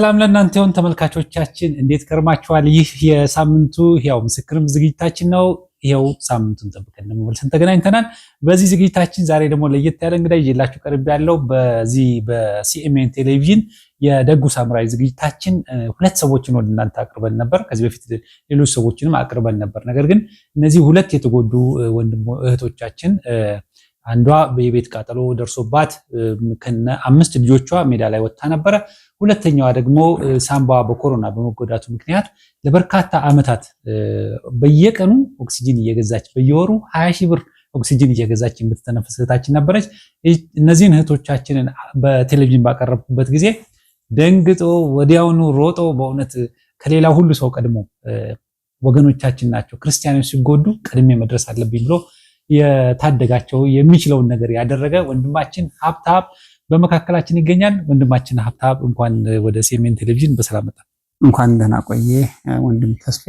ሰላም ለእናንተ ይሁን ተመልካቾቻችን፣ እንዴት ከርማችኋል? ይህ የሳምንቱ ያው ምስክርም ዝግጅታችን ነው። ይኸው ሳምንቱን ጠብቀን ደግሞ ተገናኝተናል። በዚህ ዝግጅታችን ዛሬ ደግሞ ለየት ያለ እንግዳ ይዤላችሁ ቀርብ ያለው በዚህ በሲኤምኤን ቴሌቪዥን የደጉ ሳምራዊ ዝግጅታችን ሁለት ሰዎችን ወደ እናንተ አቅርበን ነበር። ከዚህ በፊት ሌሎች ሰዎችንም አቅርበን ነበር። ነገር ግን እነዚህ ሁለት የተጎዱ ወንድም እህቶቻችን አንዷ የቤት ቃጠሎ ደርሶባት ከነ አምስት ልጆቿ ሜዳ ላይ ወጥታ ነበረ። ሁለተኛዋ ደግሞ ሳምባዋ በኮሮና በመጎዳቱ ምክንያት ለበርካታ ዓመታት በየቀኑ ኦክሲጂን እየገዛች በየወሩ ሀያ ሺህ ብር ኦክሲጂን እየገዛች የምትተነፍስ እህታችን ነበረች። እነዚህን እህቶቻችንን በቴሌቪዥን ባቀረብኩበት ጊዜ ደንግጦ ወዲያውኑ ሮጦ በእውነት ከሌላ ሁሉ ሰው ቀድሞ ወገኖቻችን ናቸው ክርስቲያኖች ሲጎዱ ቀድሜ መድረስ አለብኝ ብሎ የታደጋቸው የሚችለውን ነገር ያደረገ ወንድማችን ሀብታብ በመካከላችን ይገኛል። ወንድማችን ሀብታብ እንኳን ወደ ሴሜን ቴሌቪዥን በሰላም መጣ። እንኳን ደህና ቆየ ወንድም ተስፌ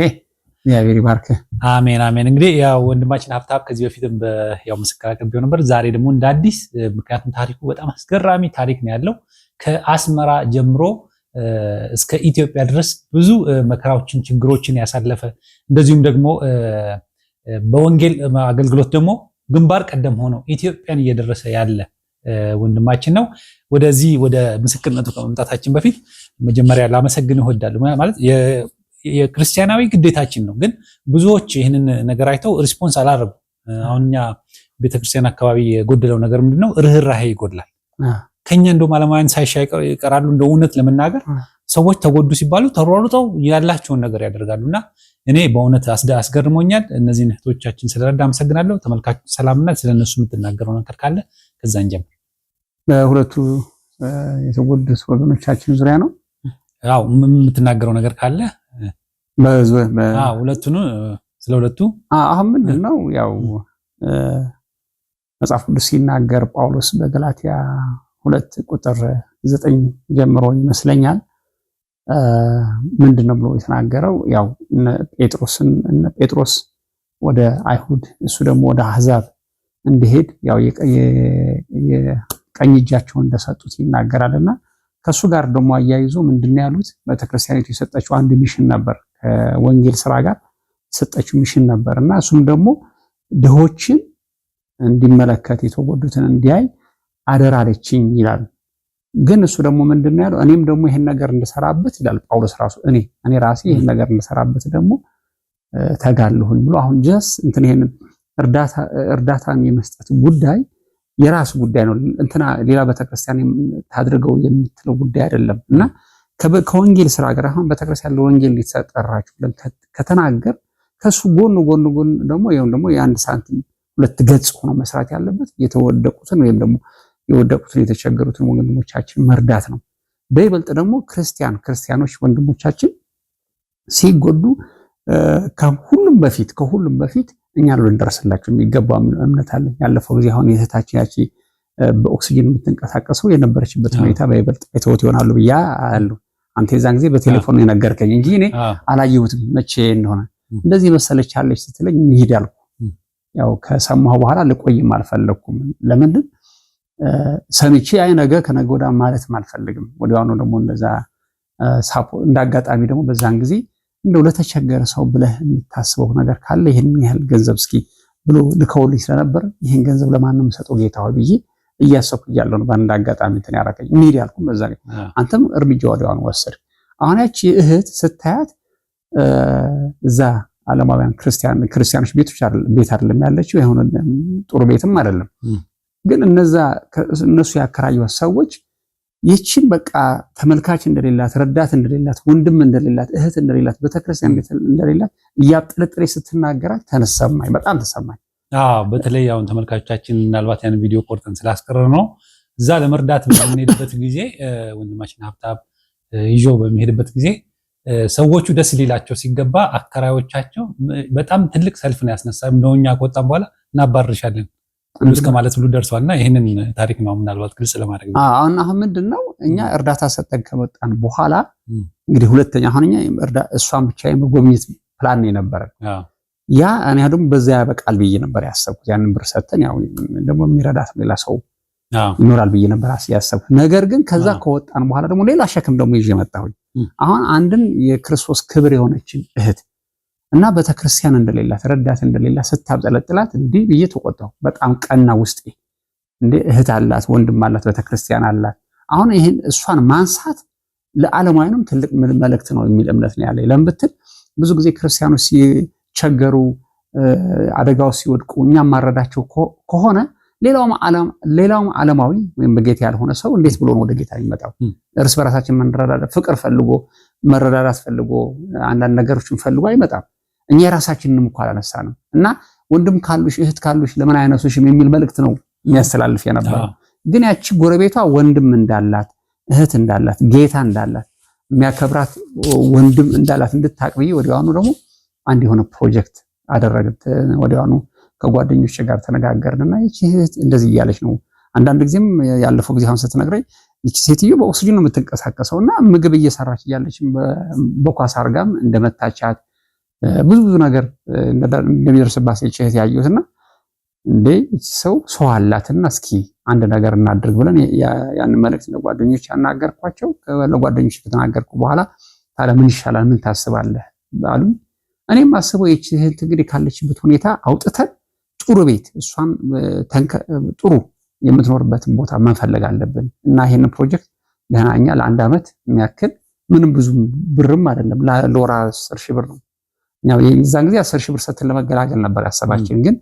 እግዚአብሔር ይባርክ። አሜን አሜን። እንግዲህ ያው ወንድማችን ሀብታብ ከዚህ በፊትም ያው ምስክር አቅርቤው ነበር። ዛሬ ደግሞ እንደ አዲስ ምክንያቱም ታሪኩ በጣም አስገራሚ ታሪክ ነው ያለው ከአስመራ ጀምሮ እስከ ኢትዮጵያ ድረስ ብዙ መከራዎችን፣ ችግሮችን ያሳለፈ እንደዚሁም ደግሞ በወንጌል አገልግሎት ደግሞ ግንባር ቀደም ሆኖ ኢትዮጵያን እየደረሰ ያለ ወንድማችን ነው። ወደዚህ ወደ ምስክርነቱ ከመምጣታችን በፊት መጀመሪያ ላመሰግን እወዳለሁ። ማለት የክርስቲያናዊ ግዴታችን ነው፣ ግን ብዙዎች ይህንን ነገር አይተው ሪስፖንስ አላረጉ አሁን እኛ ቤተክርስቲያን አካባቢ የጎደለው ነገር ምንድነው? ርኅራሄ ይጎድላል። ከኛ እንደ ዓለማውያን ሳይሻ ይቀራሉ። እንደ እውነት ለመናገር ሰዎች ተጎዱ ሲባሉ ተሯሩጠው ያላቸውን ነገር ያደርጋሉ እና እኔ በእውነት አስገርሞኛል። እነዚህን እህቶቻችን ስለረዳ አመሰግናለሁ። ተመልካች ሰላምና ስለነሱ የምትናገረው ነገር ካለ ከዛ እንጀምር። በሁለቱ የተጎዱት ወገኖቻችን ዙሪያ ነው ያው የምትናገረው ነገር ካለ ሁለቱን ስለ ሁለቱ አሁን ምንድን ነው ያው መጽሐፍ ቅዱስ ሲናገር ጳውሎስ በገላትያ ሁለት ቁጥር ዘጠኝ ጀምሮ ይመስለኛል ምንድን ነው ብሎ የተናገረው? ያው ጴጥሮስን ጴጥሮስ ወደ አይሁድ እሱ ደግሞ ወደ አህዛብ እንዲሄድ ያው የቀኝ እጃቸውን እንደሰጡት ይናገራልና ከእሱ ጋር ደግሞ አያይዞ ምንድን ያሉት? ቤተክርስቲያኒቱ የሰጠችው አንድ ሚሽን ነበር፣ ከወንጌል ስራ ጋር የሰጠችው ሚሽን ነበር እና እሱም ደግሞ ድሆችን እንዲመለከት የተጎዱትን እንዲያይ አደራለችኝ ይላል። ግን እሱ ደግሞ ምንድን ነው ያለው? እኔም ደግሞ ይሄን ነገር እንድሰራበት ይላል ጳውሎስ ራሱ እኔ እኔ ራሴ ይሄን ነገር እንድሰራበት ደግሞ ተጋልሁኝ ብሎ አሁን ጀስ እንትን ይሄን እርዳታን የመስጠት ጉዳይ የራስ ጉዳይ ነው። እንትና ሌላ ቤተክርስቲያን ታድርገው የምትለው ጉዳይ አይደለም እና ከወንጌል ስራ ጋር አሁን ቤተክርስቲያን ለወንጌል ሊተጠራችሁ ብለን ከተናገር ከሱ ጎን ጎን ጎን ደግሞ ይሄን ደግሞ የአንድ ሳንቲም ሁለት ገጽ ሆኖ መስራት ያለበት የተወደቁትን ወይም ደግሞ የወደቁትን የተቸገሩትን ወንድሞቻችን መርዳት ነው። በይበልጥ ደግሞ ክርስቲያን ክርስቲያኖች ወንድሞቻችን ሲጎዱ ከሁሉም በፊት ከሁሉም በፊት እኛ ልንደርስላቸው የሚገባ እምነት አለን። ያለፈው ጊዜ አሁን የእህታችን ያቺ በኦክሲጅን የምትንቀሳቀሰው የነበረችበት ሁኔታ በይበልጥ አይተውት ይሆናሉ ብያ አሉ። አንተ የዛን ጊዜ በቴሌፎን የነገርከኝ እንጂ እኔ አላየሁትም መቼ እንደሆነ። እንደዚህ መሰለች አለች ስትለኝ እንሂድ አልኩ። ያው ከሰማሁ በኋላ ልቆይም አልፈለኩም። ለምንድን ሰምቼ አይ ነገ ከነገ ወዲያ ማለትም አልፈልግም። ወዲያውኑ ደግሞ እንደዛ ሳፖ እንዳጋጣሚ ደግሞ በዛን ጊዜ እንደው ለተቸገረ ሰው ብለህ የምታስበው ነገር ካለ ይህን ያህል ገንዘብ እስኪ ብሎ ልከውልኝ ስለነበር ይህን ገንዘብ ለማንም ሰጠው ጌታ ሆይ ብዬ እያሰብኩ እያለሁ ነው በአንድ አጋጣሚ እንትን ያረቀኝ ሚድ ያልኩም በዛ አንተም እርምጃ ወዲያውኑ ወሰድ። አሁን ያቺ እህት ስታያት እዛ ዓለማውያን ክርስቲያኖች ቤቶች ቤት አይደለም ያለችው፣ የሆነ ጥሩ ቤትም አይደለም ግን እነዛ እነሱ ያከራዩት ሰዎች ይችን በቃ ተመልካች እንደሌላት፣ ረዳት እንደሌላት፣ ወንድም እንደሌላት፣ እህት እንደሌላት፣ ቤተክርስቲያን እንደሌላት እያጠለጠለ ስትናገራት ተነሰማኝ፣ በጣም ተሰማኝ። በተለይ አሁን ተመልካቾቻችን ምናልባት ያን ቪዲዮ ቆርጠን ስላስቀረ ነው እዛ ለመርዳት በምንሄድበት ጊዜ ወንድማችን ሀብታብ ይዞ በሚሄድበት ጊዜ ሰዎቹ ደስ ሊላቸው ሲገባ አከራዮቻቸው በጣም ትልቅ ሰልፍ ነው ያስነሳ። እንደውኛ ከወጣም በኋላ እናባርሻለን ሁሉ እስከ ማለት ብሎ ደርሷል። እና ይህንን ታሪክ ነው ምናልባት ግልጽ ለማድረግ አሁን አሁን ምንድን ነው እኛ እርዳታ ሰጠን ከመጣን በኋላ እንግዲህ ሁለተኛ አሁን እኛ እሷን ብቻ የመጎብኘት ፕላን የነበረ ያ እኔ ደግሞ በዛ ያበቃል ብዬ ነበር ያሰብኩት። ያንን ብር ሰጠን ያው ደግሞ የሚረዳት ሌላ ሰው ይኖራል ብዬ ነበር ያሰብኩት። ነገር ግን ከዛ ከወጣን በኋላ ደግሞ ሌላ ሸክም ደግሞ ይዤ መጣሁኝ። አሁን አንድን የክርስቶስ ክብር የሆነችን እህት እና ቤተክርስቲያን እንደሌላት ረዳት እንደሌላት ስታብጠለጥላት እንዲህ ብዬ ተቆጣሁ። በጣም ቀና ውስጤ። እንዴ እህት አላት፣ ወንድም አላት፣ ቤተክርስቲያን አላት። አሁን ይህን እሷን ማንሳት ለዓለማዊንም ትልቅ መልእክት ነው የሚል እምነት ነው ያለኝ። ለምን ብትል ብዙ ጊዜ ክርስቲያኖች ሲቸገሩ አደጋው ሲወድቁ እኛ ማረዳቸው ከሆነ ሌላውም ዓለማዊ ወይም በጌታ ያልሆነ ሰው እንዴት ብሎ ነው ወደ ጌታ የሚመጣው? እርስ በራሳችን መረዳዳት፣ ፍቅር ፈልጎ መረዳዳት ፈልጎ አንዳንድ ነገሮችን ፈልጎ አይመጣም። እኛ የራሳችንንም እኮ ነው እና ወንድም ካሉሽ እህት ካሉሽ ለምን አያነሱሽም የሚል መልእክት ነው የሚያስተላልፍ የነበረው። ግን ያቺ ጎረቤቷ ወንድም እንዳላት እህት እንዳላት ጌታ እንዳላት የሚያከብራት ወንድም እንዳላት እንድታቅ ብዬ ወዲያውኑ ደግሞ አንድ የሆነ ፕሮጀክት አደረግን። ወዲያውኑ ከጓደኞች ጋር ተነጋገርንና ይቺ እህት እንደዚህ እያለች ነው አንዳንድ ጊዜም ያለፈው ጊዜ አሁን ስትነግረኝ ይቺ ሴትዮ በኦክስጅን ነው የምትንቀሳቀሰው እና ምግብ እየሰራች እያለች በኳስ አርጋም እንደመታቻት ብዙ ብዙ ነገር እንደሚደርስባት ሴት ያየሁት እና እንዴ ሰው ሰው አላትና እስኪ አንድ ነገር እናድርግ ብለን ያን መልእክት ለጓደኞች ያናገርኳቸው። ለጓደኞች ከተናገርኩ በኋላ ታዲያ ምን ይሻላል ምን ታስባለህ አሉ። እኔም አስበው ይህች እህት እንግዲህ ካለችበት ሁኔታ አውጥተን ጥሩ ቤት እሷን ጥሩ የምትኖርበትን ቦታ መፈለግ አለብን እና ይህን ፕሮጀክት ገና እኛ ለአንድ ዓመት የሚያክል ምንም ብዙ ብርም አይደለም ለወር አስር ሺህ ብር ነው የዛን ጊዜ አስር ሺህ ብር ሰትን ለመገላገል ነበር ያሰባችን ግን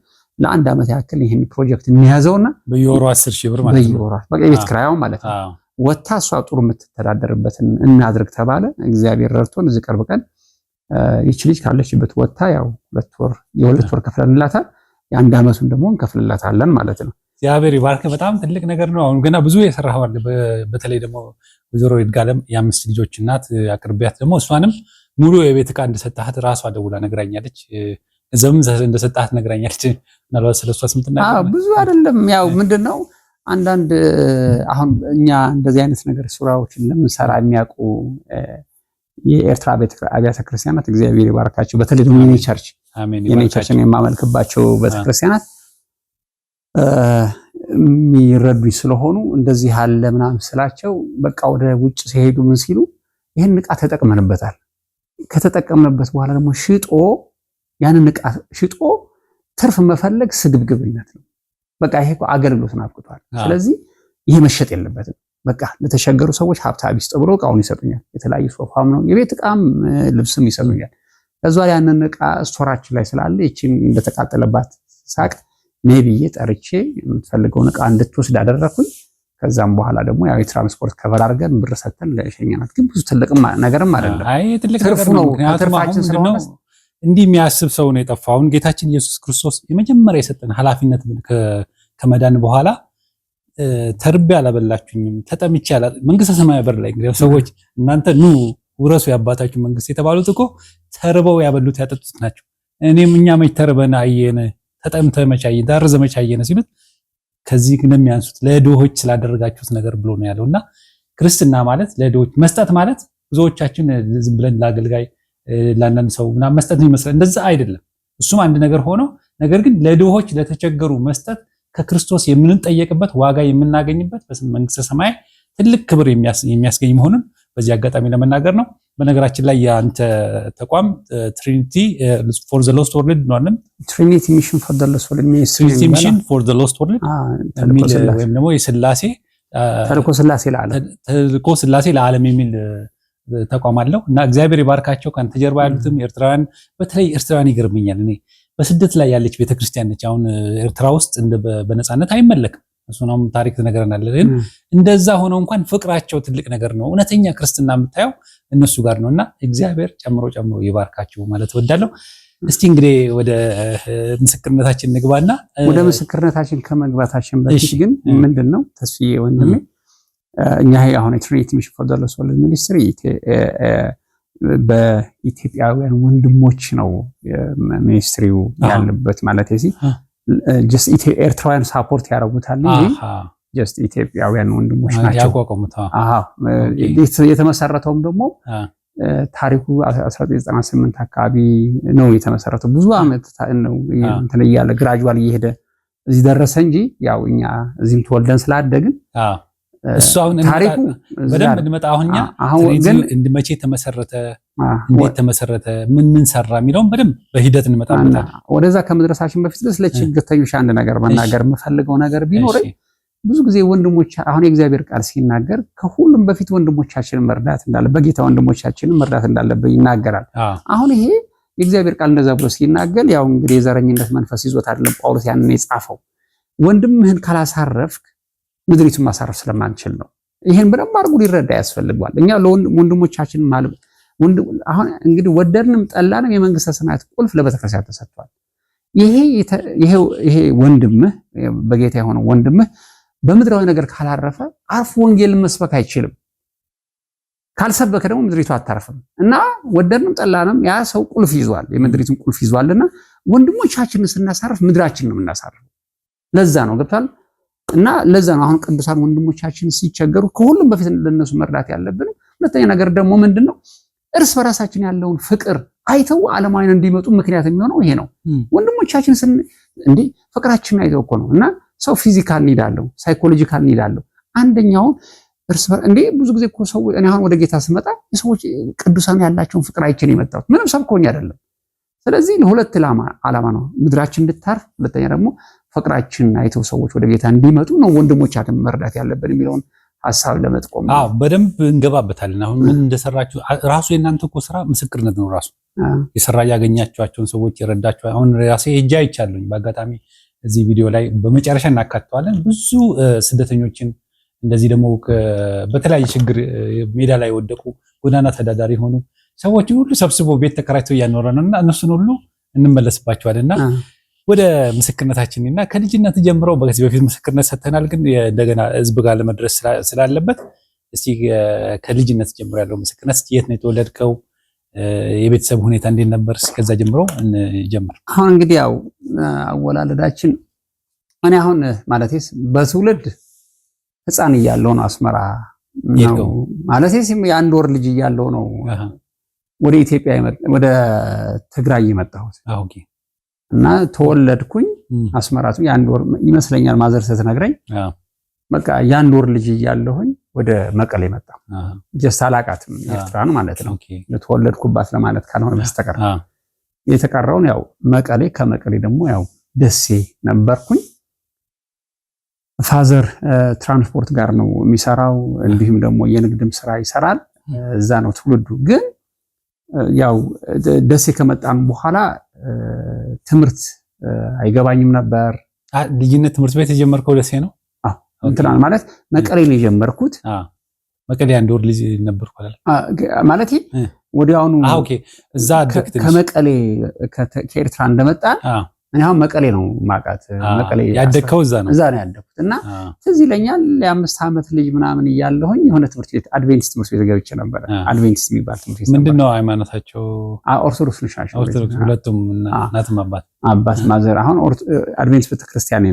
ለአንድ ዓመት ያክል ይህን ፕሮጀክት እንያዘውና በየወሩ አስር ሺህ ብር ማለት ነው። የቤት ክራያው ማለት ነው። ወታ እሷ ጥሩ የምትተዳደርበትን እናድርግ ተባለ። እግዚአብሔር ረድቶን እዚህ ቅርብ ቀን ይች ልጅ ካለችበት ወታ ያው ሁለት ወር የሁለት ወር ከፍለንላታል። የአንድ ዓመቱን ደግሞ እንከፍልላታለን ማለት ነው። እግዚአብሔር ይባርክ። በጣም ትልቅ ነገር ነው። አሁን ገና ብዙ የሰራህ በተለይ ደግሞ ወይዘሮ ይድጋለም የአምስት ልጆች እናት አቅርቢያት ደግሞ እሷንም ሙሉ የቤት እቃ እንደሰጣት ራሷ ደውላ ነግራኛለች። እዚያውም እንደሰጣት ነግራኛለች። ምናልባት ስለሷ ስምትና ብዙ አይደለም። ያው ምንድን ነው አንዳንድ አሁን እኛ እንደዚህ አይነት ነገር ስራዎችን ለምንሰራ የሚያውቁ የኤርትራ አብያተ ክርስቲያናት እግዚአብሔር ይባርካቸው። በተለይ ደግሞ የኔ ቸርች የኔ ቸርችን የማመልክባቸው ቤተክርስቲያናት የሚረዱኝ ስለሆኑ እንደዚህ አለ ምናምን ስላቸው በቃ ወደ ውጭ ሲሄዱ ምን ሲሉ ይህን እቃ ተጠቅመንበታል ከተጠቀምንበት በኋላ ደግሞ ሽጦ ያንን እቃ ሽጦ ትርፍ መፈለግ ስግብግብነት ነው። በቃ ይሄ አገልግሎት አገልግሎትን ስለዚህ ይሄ መሸጥ የለበትም። በቃ ለተቸገሩ ሰዎች ሀብታ ቢስ ተብሎ እቃውን ይሰጡኛል። የተለያዩ ሶፋም ነው የቤት እቃም ልብስም ይሰጡኛል። ከዛ ያንን እቃ ስቶራችን ላይ ስላለ ይቺም እንደተቃጠለባት ሳቅ ነይ ብዬ ጠርቼ የምትፈልገውን እቃ እንድትወስድ አደረኩኝ። ከዛም በኋላ ደግሞ ያው የትራንስፖርት ከቨር አድርገን ብር ሰተን ለሸኛናት። ግን ብዙ ትልቅ ነገርም አይደለም። አይ ትልቅ ነገር ነው። ትርፋችን ስለሆነ እንዲህ የሚያስብ ሰው ነው የጠፋው። አሁን ጌታችን ኢየሱስ ክርስቶስ የመጀመሪያ የሰጠን ኃላፊነት ከመዳን በኋላ ተርቤ አላበላችሁኝም፣ ተጠምቼ አላ መንግስተ ሰማይ በር ላይ እንግዲህ ሰዎች እናንተ ኑ ውረሱ የአባታችሁ መንግስት የተባሉት እኮ ተርበው ያበሉት ያጠጡት ናቸው። እኔም እኛ መች ተርበን አየን፣ ተጠምተ መች አየን፣ ዳር ዘመች አየን ሲሉት ከዚህ ግን የሚያንሱት ለድሆች ስላደረጋችሁት ነገር ብሎ ነው ያለው እና ክርስትና ማለት ለድሆች መስጠት ማለት ብዙዎቻችን ዝም ብለን ለአገልጋይ ለአንዳንድ ሰው ምናምን መስጠት ነው ይመስላል። እንደዛ አይደለም። እሱም አንድ ነገር ሆኖ ነገር ግን ለድሆች ለተቸገሩ መስጠት ከክርስቶስ የምንጠየቅበት ዋጋ የምናገኝበት በመንግስተ ሰማይ ትልቅ ክብር የሚያስገኝ መሆኑን በዚህ አጋጣሚ ለመናገር ነው። በነገራችን ላይ የአንተ ተቋም ትሪኒቲ ፎር ዘ ሎስት ወርልድ ነዋለን ትሪኒቲ ሚሽን ፎር ዘ ሎስት ወርልድ ትሪኒቲ ሚሽን ፎር ዘ ሎስት ወርልድ የሚል ወይም ደግሞ የስላሴ ተልኮ ስላሴ ለዓለም ተልኮ ስላሴ ለዓለም የሚል ተቋም አለው እና እግዚአብሔር ይባርካቸው። ከአንተ ጀርባ ያሉትም ኤርትራውያን፣ በተለይ ኤርትራውያን ይገርምኛል። እኔ በስደት ላይ ያለች ቤተክርስቲያን ነች። አሁን ኤርትራ ውስጥ በነፃነት አይመለክም እሱን ታሪክ ትነግረናለህ። ግን እንደዛ ሆኖ እንኳን ፍቅራቸው ትልቅ ነገር ነው። እውነተኛ ክርስትና የምታየው እነሱ ጋር ነው እና እግዚአብሔር ጨምሮ ጨምሮ ይባርካቸው ማለት እወዳለሁ። እስቲ እንግዲህ ወደ ምስክርነታችን ንግባና ወደ ምስክርነታችን ከመግባታችን በፊት ግን ምንድን ነው ተስዬ ወንድሜ እኛ አሁን የትሪኒቲ ሚሽን ፎር ዳለስ ወርልድ ሚኒስትሪ በኢትዮጵያውያን ወንድሞች ነው ሚኒስትሪው ያለበት ማለት ዚህ ኤርትራውያን ሳፖርት ያደረጉታል። ጀስት ኢትዮጵያውያን ወንድሞች ናቸው። የተመሰረተውም ደግሞ ታሪኩ 1998 አካባቢ ነው የተመሰረተው። ብዙ ዓመት ነው እንትን እያለ ግራጁዋል እየሄደ እዚህ ደረሰ እንጂ ያው እኛ እዚህም ተወልደን ስላደግን እሱ አሁን በደንብ እንመጣ አሁን ግን መቼ ተመሰረተ፣ እንዴት ተመሰረተ፣ ምን ምን ሰራ የሚለውን በደንብ በሂደት እንመጣበታል። ወደዛ ከመድረሳችን በፊት ስለ ችግርተኞች አንድ ነገር መናገር የምፈልገው ነገር ቢኖር ብዙ ጊዜ ወንድሞች አሁን የእግዚአብሔር ቃል ሲናገር ከሁሉም በፊት ወንድሞቻችንን መርዳት እንዳለ በጌታ ወንድሞቻችንን መርዳት እንዳለብን ይናገራል። አሁን ይሄ የእግዚአብሔር ቃል እንደዛ ብሎ ሲናገር ያው እንግዲህ የዘረኝነት መንፈስ ይዞት አይደለም ጳውሎስ ያንን የጻፈው ወንድምህን ካላሳረፍክ ምድሪቱን ማሳረፍ ስለማንችል ነው። ይህን በደንብ አድርጎ ሊረዳ ያስፈልገዋል። እኛ ለወንድሞቻችን ማለት አሁን እንግዲህ ወደድንም ጠላንም የመንግስተ ሰማያት ቁልፍ ለቤተክርስቲያን ተሰጥቷል። ይሄ ወንድምህ በጌታ የሆነው ወንድምህ በምድራዊ ነገር ካላረፈ አርፎ ወንጌል መስበክ አይችልም። ካልሰበከ ደግሞ ምድሪቱ አታርፍም እና ወደድንም ጠላንም ያ ሰው ቁልፍ ይዟል፣ የምድሪቱን ቁልፍ ይዟልና ወንድሞቻችንን ስናሳርፍ ምድራችንን ነው ለዛ ነው ገብቷል። እና ለዛ ነው አሁን ቅዱሳን ወንድሞቻችን ሲቸገሩ ከሁሉም በፊት ለነሱ መርዳት ያለብን። ሁለተኛ ነገር ደግሞ ምንድነው እርስ በራሳችን ያለውን ፍቅር አይተው ዓለማዊን እንዲመጡ ምክንያት የሚሆነው ይሄ ነው። ወንድሞቻችን ስን እንዲህ አይተው እኮ ነው እና ሰው ፊዚካል ኒድ አለው፣ ሳይኮሎጂካል ኒድ አለው። አንደኛውን እርስ በራ እንዴ ብዙ ጊዜ እኮ ሰው እኔ አሁን ወደ ጌታ ስመጣ የሰዎች ቅዱሳን ያላቸውን ፍቅር አይችል የመጣሁት ምንም ሰብኮኝ አይደለም። ስለዚህ ለሁለት ዓላማ ነው ምድራችን እንድታርፍ፣ ሁለተኛ ደግሞ ፍቅራችን አይተው ሰዎች ወደ ጌታ እንዲመጡ ነው ወንድሞቻችን መርዳት ያለብን የሚለውን ሀሳብ ለመጥቆም ነው። በደንብ እንገባበታለን። አሁን ምን እንደሰራችሁ ራሱ የእናንተ እኮ ስራ ምስክርነት ነው። ራሱ የሰራ ያገኛቸዋቸውን ሰዎች የረዳቸው አሁን ራሴ እጅ አይቻለኝ። በአጋጣሚ እዚህ ቪዲዮ ላይ በመጨረሻ እናካትተዋለን። ብዙ ስደተኞችን እንደዚህ ደግሞ በተለያየ ችግር ሜዳ ላይ የወደቁ ጎዳና ተዳዳሪ የሆኑ ሰዎችን ሁሉ ሰብስቦ ቤት ተከራይቶ እያኖረ ነው እና እነሱን ሁሉ እንመለስባቸዋል እና ወደ ምስክርነታችን እና ከልጅነት ጀምሮ በዚህ በፊት ምስክርነት ሰጥተናል፣ ግን እንደገና ህዝብ ጋር ለመድረስ ስላለበት እስቲ ከልጅነት ጀምሮ ያለው ምስክርነት እስቲ የት ነው የተወለድከው? የቤተሰብ ሁኔታ እንዴት ነበር? ከዛ ጀምሮ እንጀምር። አሁን እንግዲህ ያው አወላለዳችን እኔ አሁን ማለቴስ በትውልድ ህፃን እያለው ነው አስመራ ነው ማለቴስ የአንድ ወር ልጅ እያለው ነው ወደ ኢትዮጵያ ወደ ትግራይ የመጣሁት። እና ተወለድኩኝ አስመራቱ የአንድ ወር ይመስለኛል ማዘር ስትነግረኝ በቃ የአንድ ወር ልጅ እያለሁኝ ወደ መቀሌ መጣሁ። ጀስት አላቃትም ኤርትራን ማለት ነው ለተወለድኩባት ለማለት ካልሆነ በስተቀር የተቀረውን ያው መቀሌ፣ ከመቀሌ ደግሞ ያው ደሴ ነበርኩኝ። ፋዘር ትራንስፖርት ጋር ነው የሚሰራው፣ እንዲሁም ደግሞ የንግድም ስራ ይሰራል። እዛ ነው ትውልዱ። ግን ያው ደሴ ከመጣን በኋላ ትምህርት አይገባኝም ነበር። ልዩነት ትምህርት ቤት የጀመርከው ደሴ ነው እንትናል ማለት መቀሌ ነው የጀመርኩት። መቀሌ አንድ ወር ልጅ ነበር ማለት ወዲያውኑ ከመቀሌ ከኤርትራ እንደመጣን እኔ አሁን መቀሌ ነው ማውቃት። መቀሌ ያደግከው እዛ ነው እዛ ነው ያደግኩት እና ትዝ ይለኛል የአምስት ዓመት ልጅ ምናምን እያለሁኝ የሆነ ትምህርት ቤት አድቬንቲስት ትምህርት ቤት ገብቼ ነበረ። አድቬንቲስት የሚባል ትምህርት ቤት ምንድን ነው ሃይማኖታቸው? ኦርቶዶክስ ነሽ? ኦርቶዶክስ ሁለቱም እናትም አባት አባት ማዘር አሁን አድቬንቲስት ቤተክርስቲያን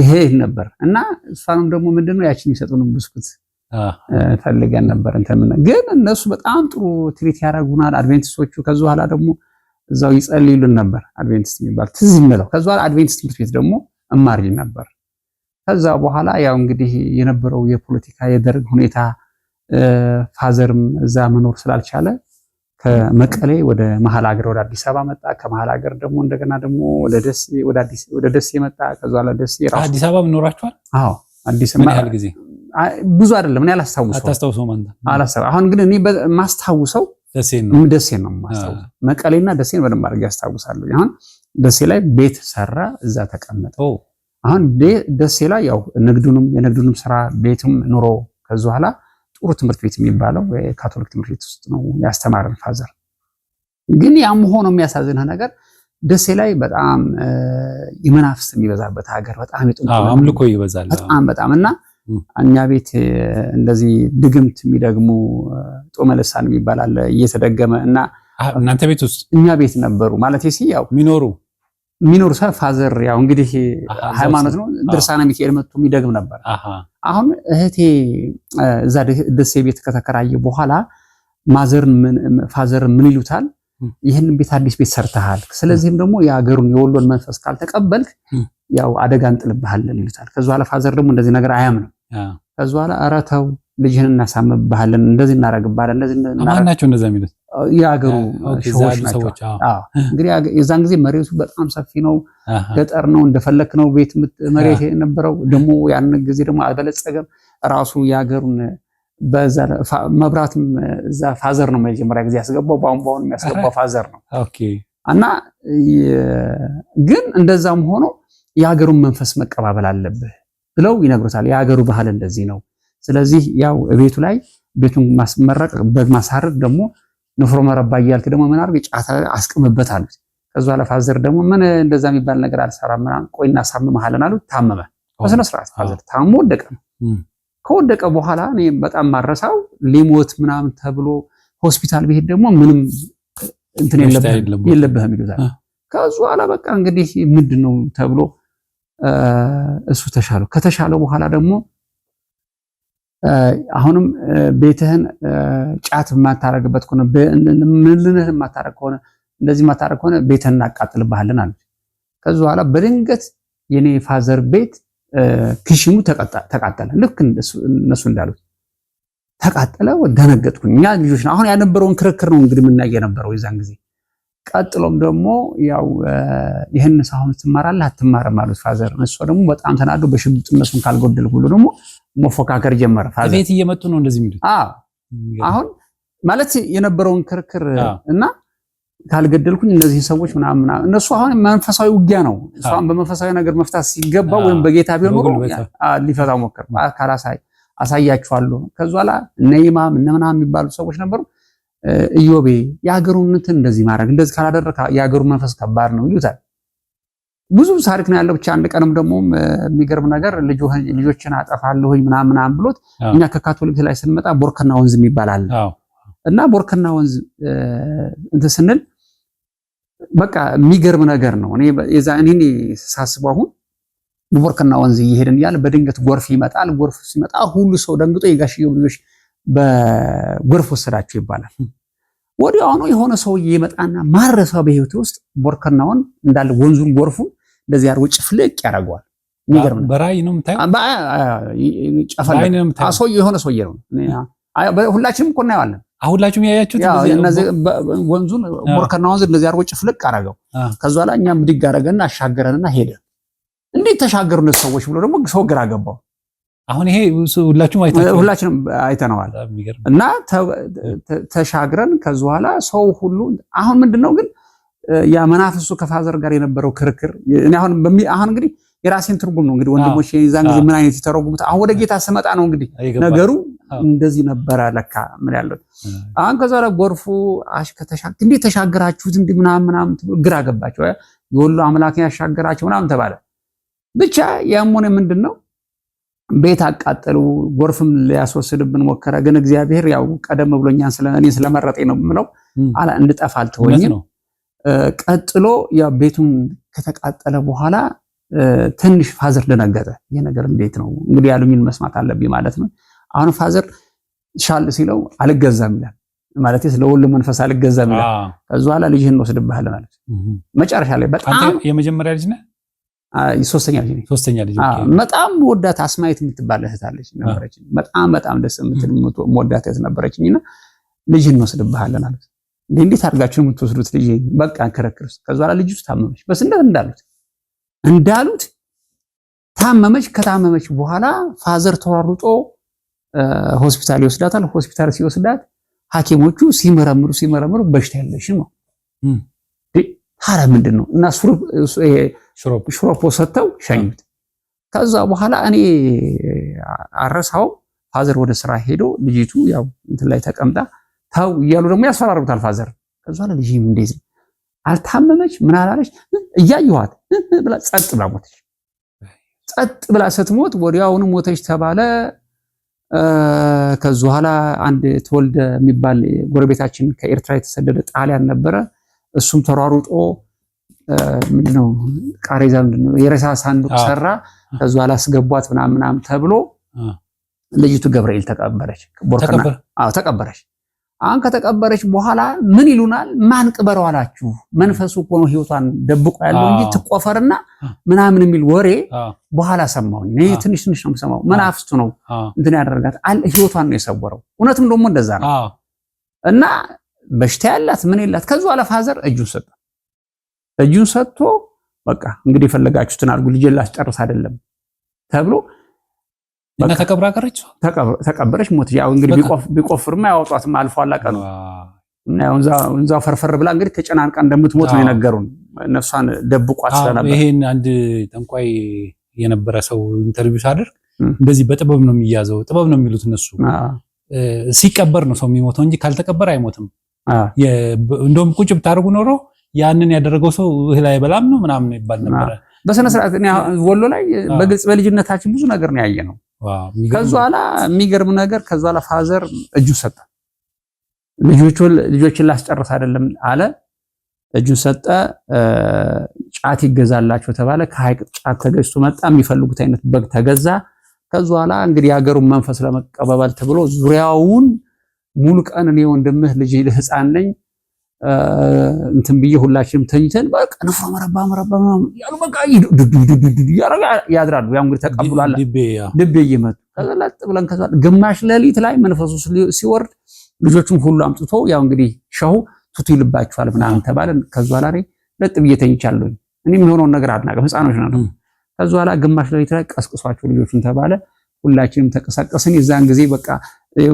ይሄ ነበር እና እሷንም ደግሞ ምንድን ነው ያችን የሚሰጡን ብስኩት ፈልገን ነበር እንትን ግን እነሱ በጣም ጥሩ ትሪት ያደርጉናል አድቬንቲስቶቹ ከዚ በኋላ ደግሞ እዛው ይጸልዩልን ነበር። አድቬንቲስት የሚባል ትዝ ይመለው። ከዛ አድቬንቲስት ትምህርት ቤት ደግሞ እማር ነበር። ከዛ በኋላ ያው እንግዲህ የነበረው የፖለቲካ የደርግ ሁኔታ ፋዘርም እዛ መኖር ስላልቻለ ከመቀሌ ወደ መሀል ሀገር ወደ አዲስ አበባ መጣ። ከመሀል ሀገር ደግሞ እንደገና ደግሞ ወደ ደሴ መጣ። ከዛ ለደሴ ራሱ አዲስ አበባ ኖራችኋል? አዎ አዲስ ምን ያህል ጊዜ? ብዙ አይደለም እኔ አላስታውሰው አላስታውሰው። አሁን ግን እኔ ማስታውሰው ደሴን ነው የማስታውሰው። መቀሌና ደሴን በደንብ አድርጌ ያስታውሳለሁ። አሁን ደሴ ላይ ቤት ሰራ፣ እዛ ተቀመጠ። አሁን ደሴ ላይ ያው ንግዱንም የንግዱንም ስራ ቤትም ኑሮ ከዚ በኋላ ጥሩ ትምህርት ቤት የሚባለው የካቶሊክ ትምህርት ቤት ውስጥ ነው ያስተማረን ፋዘር። ግን ያም ሆኖ የሚያሳዝንህ ነገር ደሴ ላይ በጣም የመናፍስት የሚበዛበት ሀገር፣ በጣም አምልኮ ይበዛል በጣም በጣም እና እኛ ቤት እንደዚህ ድግምት የሚደግሙ ጦመለሳን ልሳን የሚባል አለ እየተደገመ እና እናንተ ቤት ውስጥ እኛ ቤት ነበሩ ማለት ሲ ያው ሚኖሩ ሚኖሩ ሰ ፋዘር ያው እንግዲህ ሃይማኖት ነው። ድርሳነ ሚካኤል መጥቶ የሚደግም ነበር። አሁን እህቴ እዛ ደሴ ቤት ከተከራየ በኋላ ፋዘር ምን ይሉታል ይህንን ቤት አዲስ ቤት ሰርተሃል፣ ስለዚህም ደግሞ የሀገሩን የወሎን መንፈስ ካልተቀበልክ ያው አደጋ እንጥልብሃለን ይሉታል። ከዚ በኋላ ፋዘር ደግሞ እንደዚህ ነገር አያምንም። ከዚ በኋላ ኧረ ተው ልጅህን እናሳምብሃለን፣ እንደዚህ እናረግብሃለን፣ እንደዚህ ናቸው እንደዚ የሚሉት የአገሩ ሰዎች ናቸው። እንግዲህ የዛን ጊዜ መሬቱ በጣም ሰፊ ነው፣ ገጠር ነው፣ እንደፈለክ ነው ቤት መሬት የነበረው ደግሞ ያን ጊዜ ደግሞ አልበለጸገም ራሱ የአገሩን መብራትም እዛ ፋዘር ነው መጀመሪያ ጊዜ ያስገባው። በአሁን በአሁን የሚያስገባው ፋዘር ነው እና ግን እንደዛም ሆኖ የሀገሩን መንፈስ መቀባበል አለብህ ብለው ይነግሩታል። የሀገሩ ባህል እንደዚህ ነው። ስለዚህ ያው ቤቱ ላይ ቤቱን ማስመረቅ በግ ማሳረድ ደግሞ ንፍሮ መረባ እያልክ ደግሞ ምን አድርግ ጫት አስቅምበት አሉት። ከዛ ለፋዘር ደግሞ ምን እንደዛ የሚባል ነገር አልሰራም ምናምን ቆይና ሳምመሃለን አሉት። ታመመ በስነ ስርዓት ፋዘር ታሞ ወደቀ ነው። ከወደቀ በኋላ እኔ በጣም ማረሳው ሊሞት ምናምን ተብሎ ሆስፒታል ብሄድ ደግሞ ምንም እንትን የለብህም ይሉታል። ከዛ በኋላ በቃ እንግዲህ ምንድን ነው ተብሎ እሱ ተሻለው። ከተሻለው በኋላ ደግሞ አሁንም ቤትህን ጫት የማታረግበት ከሆነ ምልንህ የማታረግ ከሆነ እንደዚህ የማታረግ ከሆነ ቤትህን እናቃጥልብሃለን አለ። ከዚ በኋላ በድንገት የኔ ፋዘር ቤት ክሽሙ ተቃጠለ። ልክ እነሱ እንዳሉት ተቃጠለ። ደነገጥኩኝ። እኛ ልጆች አሁን ያነበረውን ክርክር ነው እንግዲህ የምናየ የነበረው የዛን ጊዜ ቀጥሎም ደግሞ ያው ይህን አሁን ትማራለህ አትማርም አሉት ፋዘር። እሱ ደግሞ በጣም ተናዶ በሽጉጥ እነሱን ካልጎደል ሁሉ ደግሞ መፎካከር ጀመረ። ፋዘር ቤት እየመጡ ነው እንደዚህ የሚሉት አሁን ማለት የነበረውን ክርክር እና ካልገደልኩኝ እነዚህ ሰዎች ምናምን እነሱ አሁን መንፈሳዊ ውጊያ ነው። እሷን በመንፈሳዊ ነገር መፍታት ሲገባ ወይም በጌታ ቢሆን ኖሮ ሊፈታው ሞከር። ካላሳይ አሳያችኋለሁ። ከዚ በኋላ እነ ኢማም እነ ምናምን የሚባሉ ሰዎች ነበሩ። ኢዮቤ የሀገሩነትን እንደዚህ ማድረግ እንደዚህ ካላደረግ የሀገሩ መንፈስ ከባድ ነው ይሉታል። ብዙ ታሪክ ነው ያለው። ብቻ አንድ ቀንም ደግሞ የሚገርም ነገር ልጆችን አጠፋለሁኝ ምናምን ምናምን ብሎት እኛ ከካቶሊክ ላይ ስንመጣ ቦርከና ወንዝ የሚባል አለ እና ቦርከና ወንዝ እንትን ስንል በቃ የሚገርም ነገር ነው። እኔ ሳስበው አሁን ቦርከና ወንዝ እየሄድን እያለ በድንገት ጎርፍ ይመጣል። ጎርፍ ሲመጣ ሁሉ ሰው ደንግጦ የጋሽየው ልጆች በጎርፍ ወሰዳቸው ይባላል። ወዲያውኑ የሆነ ሰውዬ ይመጣና ማረሳ በህይወት ውስጥ ቦርከናውን እንዳለ ወንዙን ጎርፉ እንደዚህ አድርጎ ጭፍልቅ ያደርገዋል። የሚገርም ነው። በራእይ ነው የምታየው። ሰውዬ የሆነ ሰውዬ ነው። ሁላችንም እኮ እናየዋለን። ሁላችሁም ያያችሁት ወንዙን ቦርከና ወንዝ እንደዚህ አድርጎ ጭፍልቅ አደረገው። ከዛ ላይ እኛም ብድግ አደረገና አሻገረንና ሄደ። እንዴት ተሻገሩ እነዚህ ሰዎች ብሎ ደግሞ ሰው ግራ ገባው። አሁን ይሄ ሁላችሁም ሁላችንም አይተነዋል እና ተሻግረን ከዚ በኋላ ሰው ሁሉ አሁን ምንድነው ግን ያ መናፍሱ ከፋዘር ጋር የነበረው ክርክር አሁን እንግዲህ የራሴን ትርጉም ነው እንግዲህ ወንድሞች የዛን ጊዜ ምን አይነት የተረጉሙት አሁን ወደ ጌታ ስመጣ ነው እንግዲህ ነገሩ እንደዚህ ነበረ ለካ ምን ያለው አሁን ከዛ ላይ ጎርፉ እንዴት ተሻገራችሁት እንዲህ ምናምን ምናምን ግራ ገባቸው የወሎ አምላክ ያሻገራቸው ምናምን ተባለ ብቻ ያም ሆነ ምንድን ነው ቤት አቃጠሉ፣ ጎርፍም ሊያስወስድብን ሞከረ። ግን እግዚአብሔር ያው ቀደም ብሎኛ እኔ ስለመረጠኝ ነው የምለው አላ እንድጠፋ አልተወኝም። ቀጥሎ ያው ቤቱን ከተቃጠለ በኋላ ትንሽ ፋዘር ደነገጠ። ይህ ነገር እንዴት ነው እንግዲህ ያሉኝን መስማት አለብኝ ማለት ነው። አሁን ፋዘር ሻል ሲለው አልገዛም ይላል ማለት ለሁሉ መንፈስ አልገዛም ይላል። ከዚ በኋላ ልጅህን እንወስድብሃል ማለት መጨረሻ ላይ በጣም የመጀመሪያ ልጅ ነህ ሶስተኛ ልጅ ሶስተኛ ልጅ በጣም ወዳት አስማየት የምትባል እህት አለች ነበረችኝ። በጣም በጣም ደስ የምትል ወዳት እህት ነበረችኝ እና ልጅ እንወስድብሃለን አሉት። እንዴት አድርጋችሁ የምትወስዱት ልጅ? በቃ ክርክር ውስጥ ከዛ በኋላ ልጅ ታመመች። በስንደት እንዳሉት እንዳሉት ታመመች። ከታመመች በኋላ ፋዘር ተሯሩጦ ሆስፒታል ይወስዳታል። ሆስፒታል ሲወስዳት ሐኪሞቹ ሲመረምሩ ሲመረምሩ በሽታ ያለሽ ነው ሀራ ምንድን ነው እና ሹሮፖ ሰጥተው ሸኙት። ከዛ በኋላ እኔ አረሳው ፋዘር ወደ ስራ ሄዶ ልጅቱ ያው እንትን ላይ ተቀምጣ ተው እያሉ ደግሞ ያስፈራሩታል ፋዘር። ከዛ ላ ልጅ እንደዚህ አልታመመች ምን አላለች እያየኋት ብላ ጸጥ ብላ ሞተች። ጸጥ ብላ ስትሞት ወዲያውኑ ሞተች ተባለ። ከዚ በኋላ አንድ ተወልደ የሚባል ጎረቤታችን ከኤርትራ የተሰደደ ጣሊያን ነበረ እሱም ተሯሩጦ ምንድነው ቃሬዛ ምንድነው የረሳ ሳንዱቅ ሰራ። ከዙ አላስገቧት ምናምን ምናምን ተብሎ ልጅቱ ገብርኤል ተቀበረች፣ ቦርከና ተቀበረች። አሁን ከተቀበረች በኋላ ምን ይሉናል? ማን ቅበረው አላችሁ? መንፈሱ እኮ ነው ህይወቷን ደብቆ ያለው እንጂ ትቆፈርና ምናምን የሚል ወሬ በኋላ ሰማሁኝ። ይህ ትንሽ ትንሽ ነው የምሰማው። መናፍስቱ ነው እንትን ያደረጋት፣ ህይወቷን ነው የሰወረው። እውነትም ደግሞ እንደዛ ነው እና በሽታ ያላት ምን የላት። ከዚ በኋላ ፋዘር እጁን ሰጠ። እጁን ሰጥቶ በቃ እንግዲህ የፈለጋችሁትን አድርጉ ልጄ ላስጨርስ አይደለም ተብሎ ተቀብራ ቀረች። ተቀበረች ሞት። ያው እንግዲህ ቢቆፍርማ ያወጧትም አልፎ አላቀ ነው እና ፈርፈር ብላ እንግዲህ ተጨናንቃ እንደምትሞት ነው የነገሩን። ነፍሷን ደብቋት ስለነበር ይሄን አንድ ጠንቋይ የነበረ ሰው ኢንተርቪው ሳደርግ እንደዚህ በጥበብ ነው የሚያዘው ጥበብ ነው የሚሉት እነሱ። ሲቀበር ነው ሰው የሚሞተው እንጂ ካልተቀበረ አይሞትም። እንደውም ቁጭ ብታደርጉ ኖሮ ያንን ያደረገው ሰው እህል አይበላም ነው ምናምን ይባል ነበረ። በስነ ስርዓት ወሎ ላይ በግልጽ በልጅነታችን ብዙ ነገር ነው ያየ ነው። ከዛ በኋላ የሚገርም ነገር ከዛ በኋላ ፋዘር እጁን ሰጠ። ልጆችን ላስጨርስ አይደለም አለ። እጁን ሰጠ። ጫት ይገዛላቸው ተባለ። ከሀይቅ ጫት ተገዝቶ መጣ። የሚፈልጉት አይነት በግ ተገዛ። ከዛ በኋላ እንግዲህ የሀገሩን መንፈስ ለመቀበባል ተብሎ ዙሪያውን ሙሉ ቀን እኔ ወንድምህ ልጅ ህፃን ነኝ እንትን ብዬ ሁላችንም ተኝተን በቃ ንፍሮ መረባ መረባ ያሉ በቃ እያደረገ ያድራሉ። ያው እንግዲህ ተቀብሏል። ድቤ እየመጡ ከለጥ ብለን ከዛ ግማሽ ሌሊት ላይ መንፈሱ ሲወርድ ልጆቹም ሁሉ አምጥቶ ያው እንግዲህ ሸሁ ቱቱ ይልባችኋል ምናምን ተባለ። ከዛ ኋላ ለጥ ብዬ ተኝቻለሁ። እኔ የሚሆነውን ነገር አድናቅም፣ ህፃኖች ናቸው። ከዛ ኋላ ግማሽ ሌሊት ላይ ቀስቅሷቸው ልጆቹን ተባለ። ሁላችንም ተቀሳቀስን። የዛን ጊዜ በቃ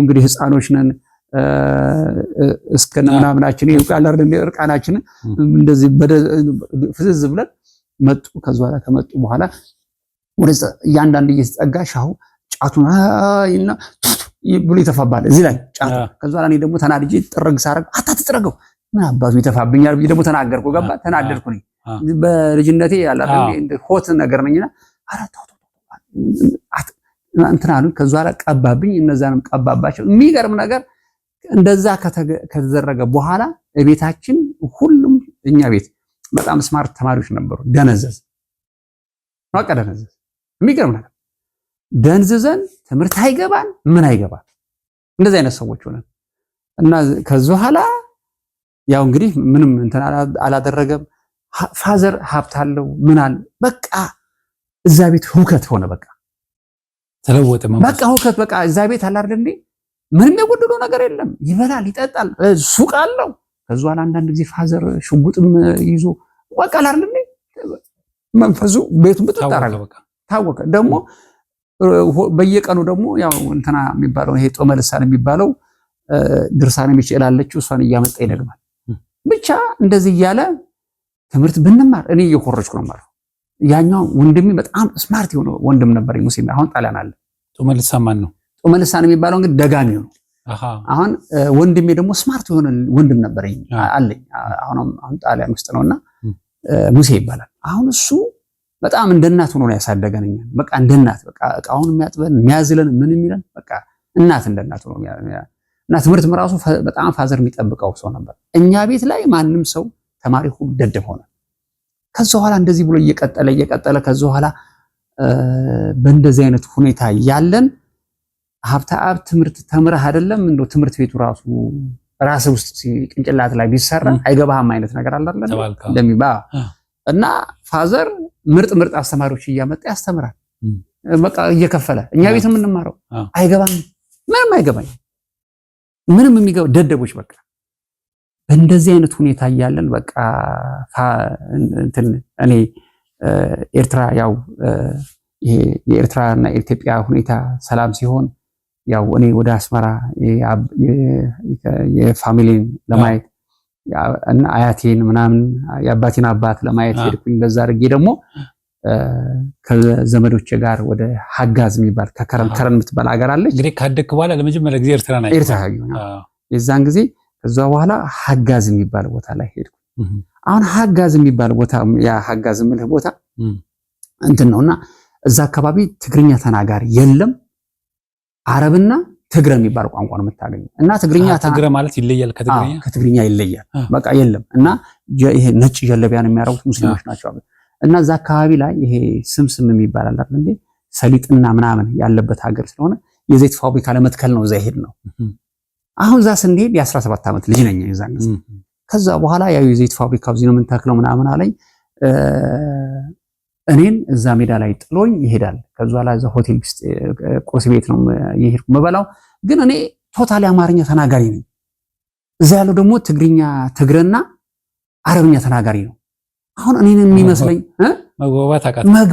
እንግዲህ ህፃኖች ነን እስከነ ምናምናችን ይውቃለር እርቃናችንን እንደዚህ ፍዝዝ ብለን መጡ። ከዚ በኋላ ከመጡ በኋላ ወደ እያንዳንድ እየተጠጋ ሻሁ ጫቱን ይና ብሎ ይተፋባል እዚህ ላይ ጫቱ። ከዚ በኋላ እኔ ደግሞ ተናድጄ ጥረግ ሳረግ አታትጥረገው ምን አባቱ ይተፋብኛል ብዬ ደግሞ ተናገርኩ። ገባ ተናደድኩ። ነኝ በልጅነቴ ያለ ሆት ነገር ነኝና እንትን አሉኝ። ከዚ በኋላ ቀባብኝ፣ እነዛንም ቀባባቸው። የሚገርም ነገር እንደዛ ከተዘረገ በኋላ ቤታችን ሁሉም እኛ ቤት በጣም ስማርት ተማሪዎች ነበሩ። ደነዘዝ በቃ ደነዘዝ። የሚገርም ነገር ደንዝዘን ትምህርት አይገባን ምን አይገባን እንደዚ አይነት ሰዎች ሆነን እና ከዚህ በኋላ ያው እንግዲህ ምንም እንትን አላደረገም። ፋዘር ሀብት አለው ምን አለ በቃ እዛ ቤት ሁከት ሆነ። በቃ ተለወጠ። በቃ ሁከት በቃ እዛ ቤት አላርደ እንዴ ምንም የጎደለው ነገር የለም። ይበላል፣ ይጠጣል፣ ሱቅ አለው። ከዚ በኋላ አንዳንድ ጊዜ ፋዘር ሽጉጥም ይዞ ወቃል መንፈሱ ቤቱን ብጥጥ አደረገ። ታወቀ ደግሞ በየቀኑ ደግሞ ያው እንትና የሚባለው ይሄ ጦመ ልሳን የሚባለው ድርሳን የሚችል እሷን እያመጣ ይደግማል። ብቻ እንደዚህ እያለ ትምህርት ብንማር እኔ እየኮረጅኩ ነው ማለት ያኛው ወንድሜ በጣም ስማርት የሆነ ወንድም ነበር። ሙሴ አሁን ጣሊያን አለ። ጦመ ልሳን ማን ነው? ጾመ ልሳን የሚባለው ግን ደጋሚው ነው። አሁን ወንድሜ ደግሞ ስማርት የሆነ ወንድም ነበረኝ አለኝ። አሁን ጣሊያን ውስጥ ነውና ሙሴ ይባላል። አሁን እሱ በጣም እንደ እናት ሆኖ ነው ያሳደገን በቃ እንደ እናት በቃ እቃውን የሚያጥበን የሚያዝለን ምን የሚለን በቃ እናት እንደ እናት ሆኖ እና ትምህርት ምራሱ በጣም ፋዘር የሚጠብቀው ሰው ነበር። እኛ ቤት ላይ ማንም ሰው ተማሪ ሁሉ ደደብ ሆነ። ከዚ በኋላ እንደዚህ ብሎ እየቀጠለ እየቀጠለ ከዚ በኋላ በእንደዚህ አይነት ሁኔታ ያለን ሀብተ አብ ትምህርት ተምረህ አይደለም እንደው ትምህርት ቤቱ ራሱ ራስ ውስጥ ቅንጭላት ላይ ቢሰራ አይገባህም አይነት ነገር አለ እንደሚባ እና ፋዘር ምርጥ ምርጥ አስተማሪዎች እያመጣ ያስተምራል። በቃ እየከፈለ እኛ ቤት የምንማረው አይገባኝ፣ ምንም አይገባኝ፣ ምንም የሚገባ ደደቦች። በቃ በእንደዚህ አይነት ሁኔታ እያለን በቃ እኔ ኤርትራ ያው እና ኢትዮጵያ ሁኔታ ሰላም ሲሆን ያው እኔ ወደ አስመራ የፋሚሊን ለማየት እና አያቴን ምናምን የአባቴን አባት ለማየት ሄድኩኝ። እንደዛ አድርጌ ደግሞ ከዘመዶች ጋር ወደ ሀጋዝ የሚባል ከከረን ከረም የምትባል ሀገር አለች። እንግዲህ ካደግክ በኋላ ለመጀመሪያ ጊዜ ኤርትራ ናቸው ኤርትራ የዛን ጊዜ ከዛ በኋላ ሀጋዝ የሚባል ቦታ ላይ ሄድኩ። አሁን ሀጋዝ የሚባል ቦታ ያ ሀጋዝ የምልህ ቦታ እንትን ነውና እዛ አካባቢ ትግርኛ ተናጋሪ የለም። አረብና ትግረ የሚባል ቋንቋ ነው የምታገኘ እና ትግርኛ ትግረ ማለት ይለያል፣ ከትግርኛ ከትግርኛ ይለያል። በቃ የለም እና ይሄ ነጭ ጀለቢያን ነው የሚያረቡት ሙስሊሞች ናቸው እና እዛ አካባቢ ላይ ይሄ ስምስም የሚባል አለ እንዴ ሰሊጥና ምናምን ያለበት ሀገር ስለሆነ የዘይት ፋብሪካ ለመትከል ነው እዛ ይሄድ ነው። አሁን እዛ ስንሄድ የ17 ዓመት ልጅ ነኝ የዛን ከዛ በኋላ ያዩ የዘይት ፋብሪካው እዚህ ነው የምንተክለው ምናምን አለኝ። እኔን እዛ ሜዳ ላይ ጥሎኝ ይሄዳል። ከዛ ላይ እዛ ሆቴል ውስጥ ቁርስ ቤት ነው የሄድኩ መበላው። ግን እኔ ቶታሊ አማርኛ ተናጋሪ ነኝ። እዛ ያለው ደግሞ ትግርኛ ትግረና አረብኛ ተናጋሪ ነው። አሁን እኔን የሚመስለኝ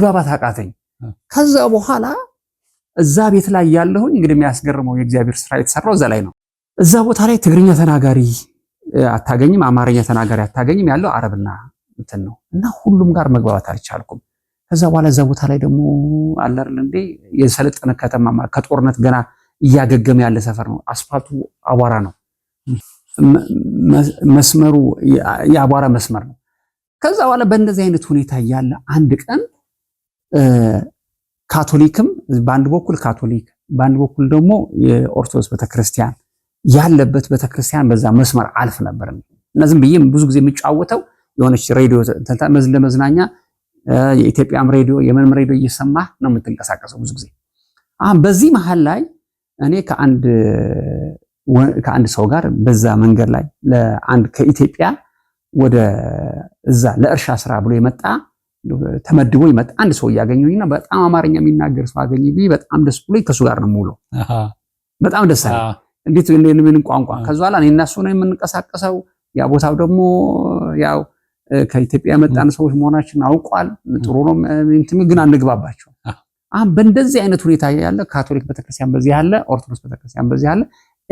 መግባባት አቃተኝ። ከዛ በኋላ እዛ ቤት ላይ ያለሁኝ እንግዲህ የሚያስገርመው የእግዚአብሔር ስራ የተሰራው እዛ ላይ ነው። እዛ ቦታ ላይ ትግርኛ ተናጋሪ አታገኝም፣ አማርኛ ተናጋሪ አታገኝም። ያለው አረብና እንትን ነው እና ሁሉም ጋር መግባባት አልቻልኩም። ከዛ በኋላ እዛ ቦታ ላይ ደግሞ አላርል እንዴ የሰለጠነ ከተማማ ከጦርነት ገና እያገገመ ያለ ሰፈር ነው። አስፋልቱ አቧራ ነው። መስመሩ የአቧራ መስመር ነው። ከዛ በኋላ በእንደዚህ አይነት ሁኔታ እያለ አንድ ቀን ካቶሊክም በአንድ በኩል ካቶሊክ በአንድ በኩል ደግሞ የኦርቶዶክስ ቤተክርስቲያን ያለበት ቤተክርስቲያን በዛ መስመር አልፍ ነበር እነዚህም ብዬ ብዙ ጊዜ የሚጫወተው የሆነች ሬዲዮ ለመዝናኛ የኢትዮጵያም ሬዲዮ የምንም ሬዲዮ እየሰማ ነው የምትንቀሳቀሰው ብዙ ጊዜ። አሁን በዚህ መሀል ላይ እኔ ከአንድ ሰው ጋር በዛ መንገድ ላይ ለአንድ ከኢትዮጵያ ወደ እዛ ለእርሻ ስራ ብሎ የመጣ ተመድቦ ይመጣ አንድ ሰው እና በጣም አማርኛ የሚናገር ሰው አገኘ ብዬ በጣም ደስ ብሎ ከሱ ጋር ነው የምውለው። በጣም ደስ አለ። እንዴት ምን ቋንቋ ከዚ በኋላ እኔ እና እሱ ነው የምንቀሳቀሰው። ያ ቦታው ደግሞ ያው ከኢትዮጵያ የመጣን ሰዎች መሆናችን አውቋል። ጥሩ ነው ግን አንግባባቸው። አሁን በእንደዚህ አይነት ሁኔታ ያለ ካቶሊክ ቤተክርስቲያን በዚህ ያለ ኦርቶዶክስ ቤተክርስቲያን በዚህ አለ።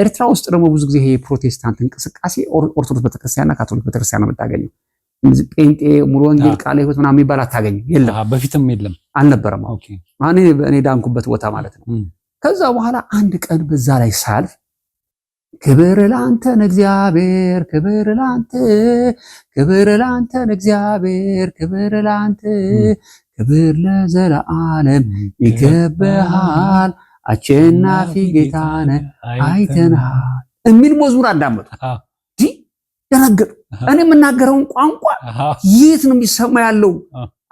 ኤርትራ ውስጥ ደግሞ ብዙ ጊዜ የፕሮቴስታንት እንቅስቃሴ ኦርቶዶክስ ቤተክርስቲያንና ካቶሊክ ቤተክርስቲያን ነው የምታገኘው። ጴንጤ ሙሉ ወንጌል ቃለ ሕይወት ምናምን የሚባል አታገኝም። የለም በፊትም የለም አልነበረም። እኔ ዳንኩበት ቦታ ማለት ነው። ከዛ በኋላ አንድ ቀን በዛ ላይ ሳልፍ ክብር ላንተን እግዚአብሔር ክብር ላንተ ክብር ላንተን እግዚአብሔር ክብር ላንተ ክብር ለዘለዓለም ይገብሃል። አሸናፊ ጌታነ አይተንሃል የሚል መዝሙር አዳመጡ። ዲ ደነገጡ። እኔ የምናገረውን ቋንቋ የት ነው የሚሰማ ያለው?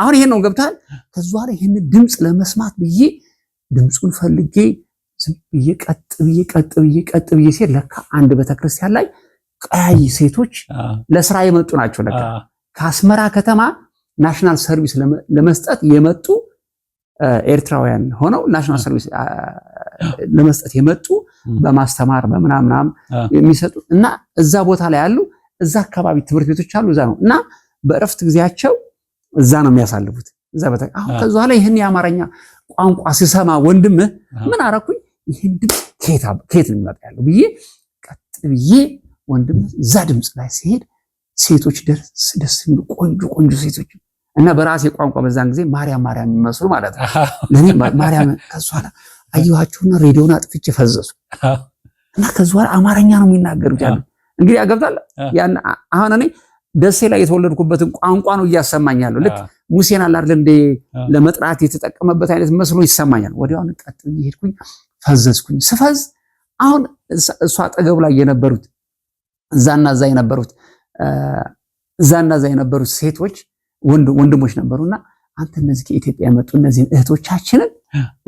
አሁን ይሄን ነው ገብታል። ከዛ ላይ ይህንን ድምፅ ለመስማት ብዬ ድምፁን ፈልጌ ብዬ ቀጥ ብዬ ቀጥ ብዬ ቀጥ ብዬ ሲሄድ ለካ አንድ ቤተክርስቲያን ላይ ቀያይ ሴቶች ለስራ የመጡ ናቸው። ለካ ከአስመራ ከተማ ናሽናል ሰርቪስ ለመስጠት የመጡ ኤርትራውያን ሆነው ናሽናል ሰርቪስ ለመስጠት የመጡ በማስተማር በምናምናም የሚሰጡ እና እዛ ቦታ ላይ ያሉ እዛ አካባቢ ትምህርት ቤቶች አሉ። እዛ ነው እና በእረፍት ጊዜያቸው እዛ ነው የሚያሳልፉት። እዛ ላይ ይህን የአማርኛ ቋንቋ ሲሰማ ወንድምህ ምን አረኩኝ ይህን ድምፅ ከየት ነው የሚመጣ ያለው ብዬ ቀጥ ብዬ ወንድም እዛ ድምፅ ላይ ሲሄድ ሴቶች ደስ ደስ የሚሉ ቆንጆ ቆንጆ ሴቶች እና በራሴ ቋንቋ በዛን ጊዜ ማርያም ማርያም የሚመስሉ ማለት ነው። ለእኔ ማርያም ከዚ ኋላ አየኋቸውና ሬዲዮን አጥፍቼ ፈዘሱ እና ከዚ በኋላ አማርኛ ነው የሚናገሩት ያለ እንግዲህ ያገብታል። ያን አሁን እኔ ደሴ ላይ የተወለድኩበትን ቋንቋ ነው እያሰማኛለሁ። ልክ ሙሴን አላርለ እንደ ለመጥራት የተጠቀመበት አይነት መስሎ ይሰማኛል። ወዲያውን ቀጥ ሄድኩኝ። ፈዘዝኩኝ። ስፈዝ አሁን እሷ አጠገቡ ላይ የነበሩት እዛና እዛ የነበሩት እዛና እዛ የነበሩት ሴቶች ወንድሞች ነበሩና አንተ እነዚህ ከኢትዮጵያ የመጡ እነዚህን እህቶቻችንን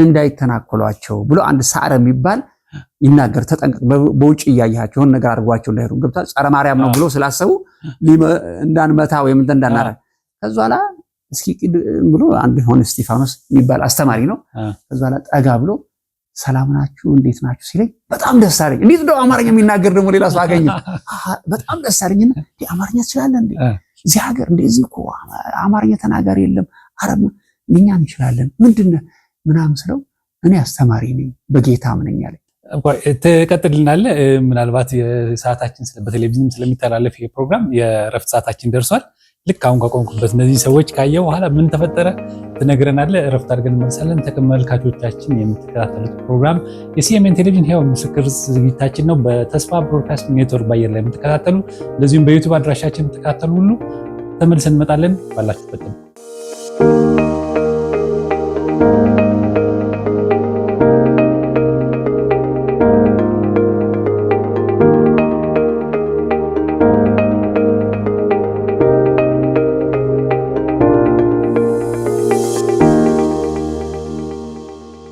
እንዳይተናኮሏቸው ብሎ አንድ ሳረ የሚባል ይናገር ተጠንቀቅ፣ በውጭ እያያቸውን ነገር አድርጓቸው እንዳይሄዱ ገብታ ጸረ ማርያም ነው ብሎ ስላሰቡ እንዳንመታ ወይም እንዳናረ ከዛ ኋላ እስኪ ብሎ አንድ ሆነ እስጢፋኖስ የሚባል አስተማሪ ነው። ከዛ ኋላ ጠጋ ብሎ ሰላም ናችሁ እንዴት ናችሁ ሲለኝ በጣም ደስ አለኝ። እንዴት እንደው አማርኛ የሚናገር ደግሞ ሌላ ሰው አገኘ። በጣም ደስ አለኝና አማርኛ ትችላለህ እንዴ? እዚህ ሀገር እንደዚህ እኮ አማርኛ ተናጋሪ የለም። አረብ እኛ እንችላለን ምንድን ምናምን ስለው እኔ አስተማሪ ነኝ በጌታ ምንኛ አለኝ። ትቀጥልልናለህ። ምናልባት ሰዓታችን በቴሌቪዥን ስለሚተላለፍ ይሄ ፕሮግራም የእረፍት ሰዓታችን ደርሷል። ልክ አሁን ከቆምኩበት እነዚህ ሰዎች ካየ በኋላ ምን ተፈጠረ ትነግረናለ። እረፍት አድርገን እንመልሳለን። ተመልካቾቻችን የምትከታተሉት ፕሮግራም የሲኤምኤን ቴሌቪዥን ህያው ምስክር ዝግጅታችን ነው። በተስፋ ብሮድካስት ኔትወርክ በአየር ላይ የምትከታተሉ እንደዚሁም በዩቱብ አድራሻችን የምትከታተሉ ሁሉ ተመልሰን እንመጣለን። ባላችሁበት